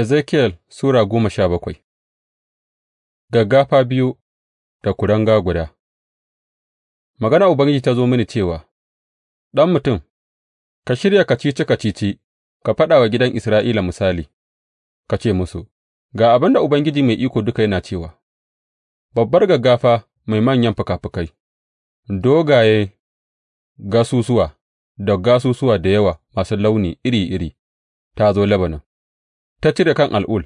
ezekiel Sura goma sha bakwai Gaggafa biyu da kuranga guda Magana Ubangiji ta zo mini cewa, Ɗan mutum, ka shirya kacici kacici, ka faɗa wa gidan Isra'ila misali, ka ce musu, Ga abin da Ubangiji Mai Iko Duka yana cewa, Babbar gaggafa mai manyan fikafikai, dogaye gasusuwa da gasusuwa da yawa masu launi iri iri ta zo Lebanon. ta cire kan al'ul,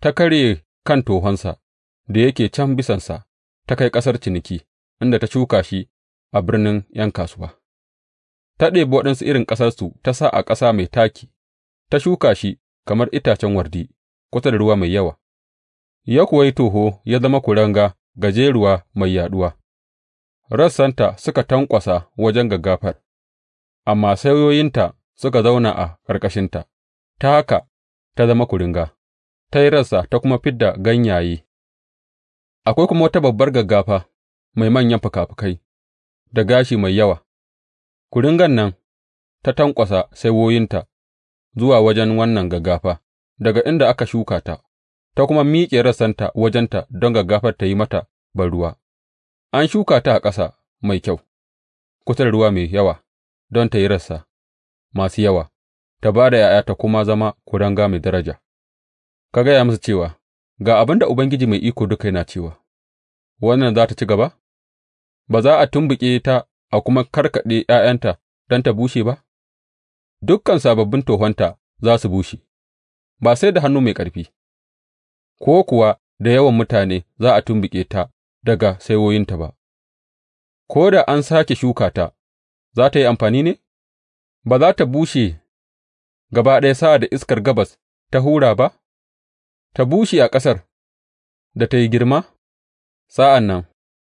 ta karye kan tohonsa da yake can bisansa, ta kai ƙasar ciniki, inda ta shuka shi a birnin ’yan kasuwa. Ta ɗebi waɗansu irin ƙasarsu ta sa a ƙasa mai taki, ta shuka shi kamar itacen wardi kusa da ruwa mai yawa, ya kuwa yi toho ya zama kuranga gajeruwa mai yaɗuwa. Rassanta suka tanƙwasa wajen gaggafar, amma saiwoyinta suka zauna a ƙarƙashinta, ta haka ta zama kuringa, ta yi rassa ta kuma fid da ganyaye, akwai kuma wata babbar gaggafa mai manyan fikafikai da gashi mai yawa, kuringan nan ta tanƙwasa saiwoyinta zuwa wajen wannan gaggafa, daga inda aka shuka ta, ta kuma miƙe rassanta wajenta don gaggafar ta yi mata banruwa. An shuka ta a ƙasa mai kyau, kusa da ruwa mai yawa, don ta yi rassa masu yawa. ta ba da ’ya'ya ta kuma zama kuranga mai daraja, ka gaya musu cewa, Ga abin da Ubangiji Mai Iko Duka yana cewa, Wannan za ta ci gaba? Ba za a tumbuƙe ta a kuma karkaɗe ’ya'yanta don ta bushe ba? Dukkan sababbin tohonta za su bushe, ba sai da hannu mai ƙarfi, ko kuwa da yawan mutane za a tumbuƙe ta daga saiwoyinta ba, ko da an sake shuka ta, za ta yi amfani ne? Ba za ta bushe gaba ɗaya sa'ad da iskar gabas ta hura ba, ta bushe a ƙasar da ta yi girma? Sa'an nan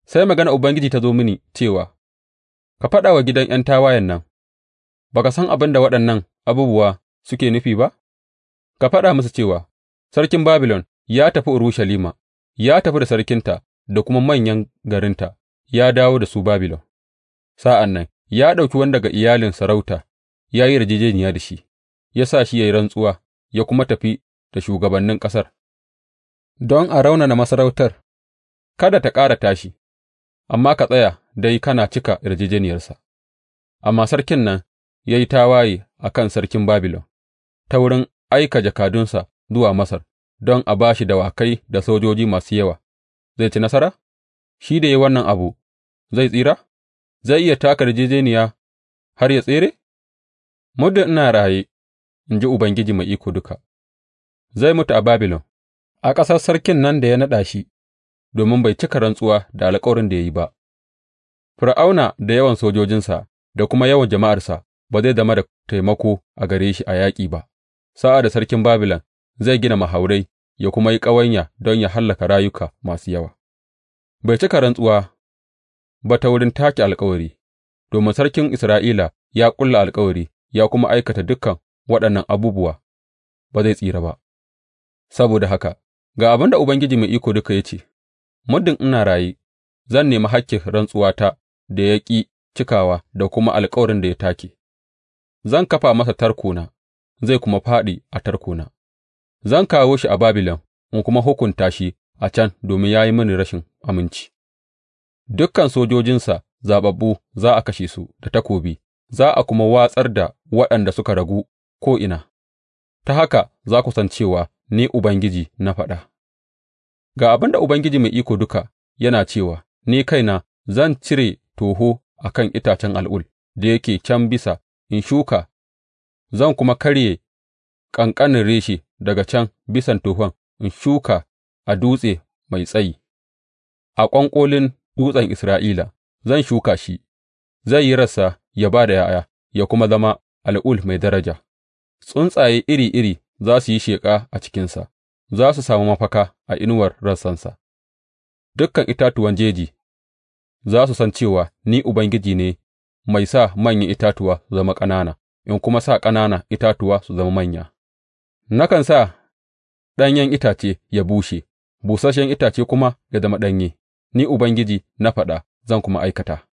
sai magana Ubangiji ta zo mini cewa, Ka faɗa wa gidan ’yan tawayen nan, ba ka san abin da waɗannan abubuwa suke nufi ba? Ka faɗa musu cewa, Sarkin Babilon ya tafi Urushalima, ya tafi da sarkinta da kuma manyan garinta, ya dawo da su Babilon. Sa'an nan ya ɗauki wani daga iyalin sarauta ya yi yarjejeniya da shi. ya sa shi ya yi rantsuwa ya kuma tafi da shugabannin ƙasar, don a raunana masarautar, kada ta ƙara tashi, amma ka tsaya dai kana cika yarjejeniyarsa. Amma sarkin nan ya yi tawaye a kan sarkin Babilon ta wurin aika jakadunsa zuwa Masar don a ba shi dawakai da sojoji masu yawa, zai ci nasara? Shi da ya wannan abu zai tsira? Zai iya taka yarjejeniya har ya tsere? Muddin ina raye, in ji Ubangiji Mai Iko Duka, zai mutu a Babilon, a ƙasar sarkin nan da ya naɗa shi, domin bai cika rantsuwa da alkawarin da ya yi ba. Fir'auna da yawan sojojinsa da kuma yawan jama'arsa ba zai zama da taimako a gare shi a yaƙi ba, sa'ad da sarkin Babilon zai gina mahaurai ya kuma yi ƙawanya don ya hallaka rayuka masu yawa. Bai cika rantsuwa ba ta wurin take alkawari, domin sarkin Isra'ila ya ƙulla alkawari ya kuma aikata dukan waɗannan abubuwa, ba zai tsira ba, saboda haka ga abin da Ubangiji Mai Iko Duka ya ce, Muddin ina raye, zan nemi hakkin rantsuwata da ya ƙi cikawa da kuma alkawarin da ya take, zan kafa masa tarkona, zai kuma fāɗi a tarkona, zan kawo shi a Babilon in kuma hukunta shi a can domin ya yi mini rashin aminci. dukkan sojojinsa zaɓaɓɓu za a kashe su da takobi, za a kuma watsar da waɗanda suka ragu ko'ina, ta haka za ku san cewa Ni Ubangiji na faɗa; ga abin da Ubangiji Mai Iko Duka yana cewa ni kaina zan cire toho a kan itacen al'ul da yake can bisa in shuka zan kuma karye ƙanƙanin reshe daga can bisan tohon in shuka a dutse mai tsayi, a ƙwanƙolin dutsen Isra'ila zan shuka shi; zai yi rassa ya ba da ’ya'ya ya kuma zama al'ul mai daraja. Tsuntsaye iri iri za su yi sheƙa a cikinsa; za su samu mafaka a inuwar rassansa, dukan itatuwan jeji za su san cewa Ni Ubangiji ne mai sa manyan itatuwa su zama ƙanana in kuma sa ƙanana itatuwa su zama manya; nakan sa ɗanyen itace ya bushe, busasshen itace kuma ya zama ɗanye; Ni Ubangiji na faɗa, zan kuma aikata.